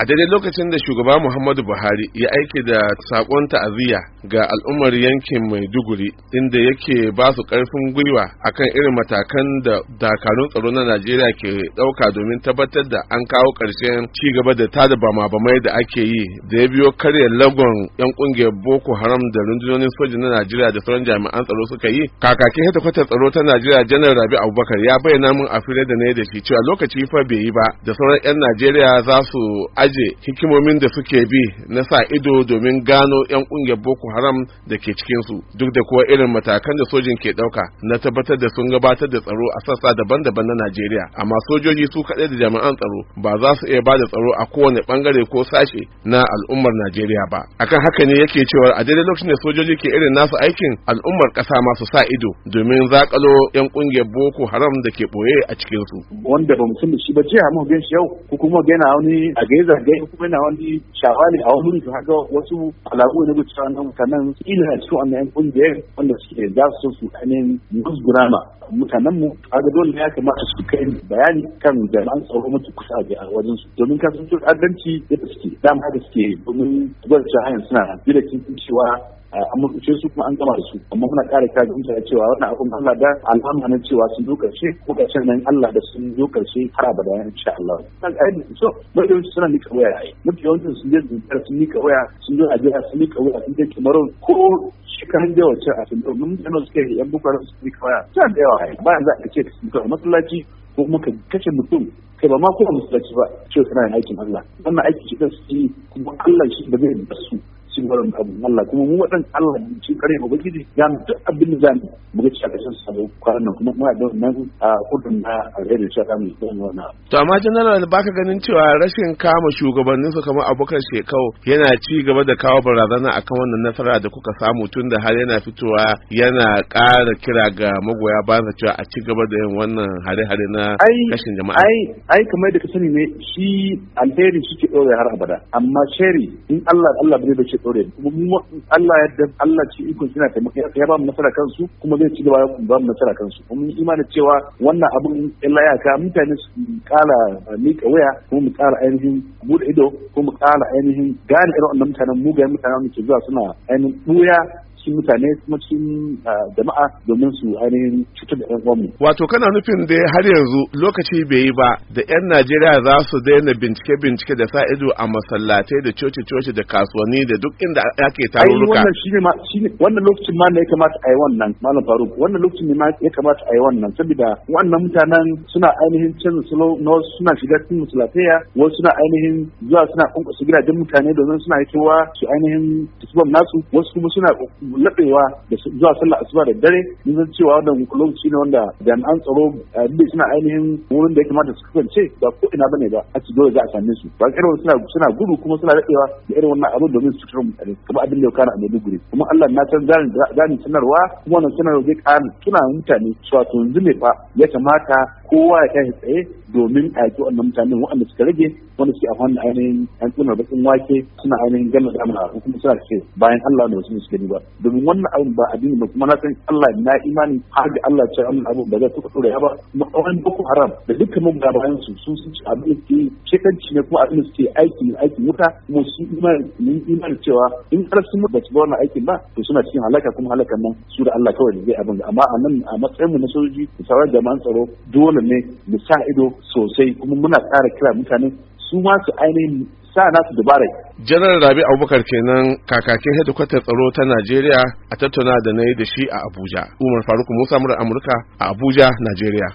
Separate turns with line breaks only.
a daidai lokacin da shugaba muhammadu buhari ya aiki da sakon ta'aziyya ga al'ummar yankin maiduguri inda yake ba su karfin gwiwa a kan irin matakan da dakarun tsaro na najeriya ke dauka domin tabbatar da an kawo karshen ci gaba da tada bama-bamai da ake yi da ya biyo karya lagon yan kungiyar boko haram da rundunonin soji na najeriya da sauran jami'an tsaro suka yi kakakin hedikwatar tsaro ta najeriya janar rabi abubakar ya bayyana mun a fira da na da shi cewa lokaci fa bai yi ba da sauran yan najeriya za su aje hikimomin da suke bi na sa ido domin gano 'yan kungiyar boko haram da ke cikinsu duk da kuwa irin matakan da sojin ke ɗauka na tabbatar da sun gabatar da tsaro a sassa daban-daban na najeriya amma sojoji su kaɗai da jami'an tsaro ba za su iya ba da tsaro a kowane bangare ko sashe na al'ummar najeriya ba akan haka ne yake cewa a daidai lokacin da sojoji ke irin nasu aikin al'ummar ƙasa masu sa ido domin zakalo 'yan kungiyar boko haram da ke ɓoye a cikinsu
wanda ba mu san shi ba jiya mu gan shi yau ko kuma gana wani a gaiza zarge in kuma yana wani ne a wani to haka wasu alaƙo na gudu cewa mutanen ila da su wannan ƙungiyar kungiyar wanda suke za su su ainihin musgurama mutanen mu ga dole ya kamata su kai bayani kan jami'an tsaro mutu kusa a wajen su domin kasancewar adalci yadda suke dama da suke domin gwada cewa hanyar suna bi da cewa Eh, an mutuce su kuma an gama da su amma muna kare ƙara kaji da cewa wannan abin Allah da alhamma na cewa sun zo ƙarshe ko ƙarshen nan Allah da sun zo ƙarshe har abada ya insha Allah kan ayi so ba da suna nika waya ai mutum yawancin sun je zuwa sun ni kawai sun zo a jiya sun nika waya sun je kimaron ko shekarun da wacce a sun mun yana suke yan bukwarar su ni kawai ta da yawa ba za a ce su sun masallaci ko kuma ka kashe mutum kai ba ma kowa musulunci ba ce suna yin aikin Allah wannan aiki shi kan su kuma Allah shi da zai basu cikin gwaron abu Allah kuma mu waɗan Allah mu ci kare ba gidi ya mu duk abin da zamu mu ga cikin sun kwanan nan kuma muna da nan a
kudin da alheri cewa ta mu don wannan to amma general baka ganin cewa rashin kama shugabannin su kamar abokan shekau yana ci gaba da kawo barazana akan wannan nasara da kuka samu tun da har yana fitowa yana ƙara kira ga magoya bayan sa cewa a ci gaba da yin wannan hare-hare na kashin jama'a ai
ai kamar da ka sani ne shi alheri shi ke ɗora har abada amma sheri in Allah Allah bai bace tsore kuma mu Allah yadda Allah ci iko yana taimaka ya ba mu nasara kansu kuma zai ci gaba ba mu nasara kansu kuma mun imani cewa wannan abin Allah ya ka mutane su kala eh, mika waya kuma mu kala ainihin bude ido kuma mu kala ainihin gane irin wannan mutanen mugayen mutanen mu ke zuwa suna ainihin buya cikin mutane kuma cikin ah, jama'a domin su ainihin cutar da yan uwanmu.
Wato kana nufin dai har yanzu lokaci bai yi ba da yan Najeriya za su daina bincike-bincike da sa ido a masallatai da coci-coci da kasuwanni da duk inda ake tarurruka. Ai
wannan wannan lokacin ma ne ya kamata a yi wannan malam Faruk wannan lokacin ne ma ya kamata a yi wannan saboda wannan mutanen suna ainihin canza salo na wasu suna shiga cikin masallataiya wasu suna ainihin zuwa suna kunkusa gidajen mutane domin suna hitowa su ainihin tisbam nasu wasu kuma suna nadewa da zuwa sallar asuba da dare mun san cewa wannan lokaci ne wanda jami'an tsaro eh, duk suna ainihin wurin da ya kamata su kasance ba ko ina bane ba a ci dole za a same su ba irin suna suna gudu kuma suna dadewa da irin wannan abin domin su kira mutane kuma abin da ya kana a Maiduguri kuma Allah na san zani sanarwa kuma wannan sanarwa zai ƙara tuna mutane cewa to yanzu ne fa ya kamata kowa ya tashi tsaye domin a yaki wannan mutanen waɗanda suka rage wanda suke a hannun ainihin yan tsunar bakin wake suna ainihin gama damar kuma suna ce bayan Allah da wasu suke ba domin wannan abin ba addini ba kuma na san Allah na imani har da Allah ce amma abu ba zai taɓa ya ba kuma kawai boko haram da dukkan mun gabayan su sun su ci abin da ke shekanci ne kuma abin da suke aiki ne aikin wuta kuma su imani mun imani cewa in har sun ba su ba wannan aikin ba to suna cikin halaka kuma halaka nan su da Allah kawai zai abin amma a nan a matsayin mu na sojoji da sauran jama'an tsaro dole ne mu sa ido sosai kuma muna ƙara kira mutane su ma su ainihin sa nasu dubarai.
janar rabi abubakar kenan kakakin hedikwatar tsaro ta najeriya a tattauna da na yi da shi a abuja umar faruk musa murar amurka a abuja najeriya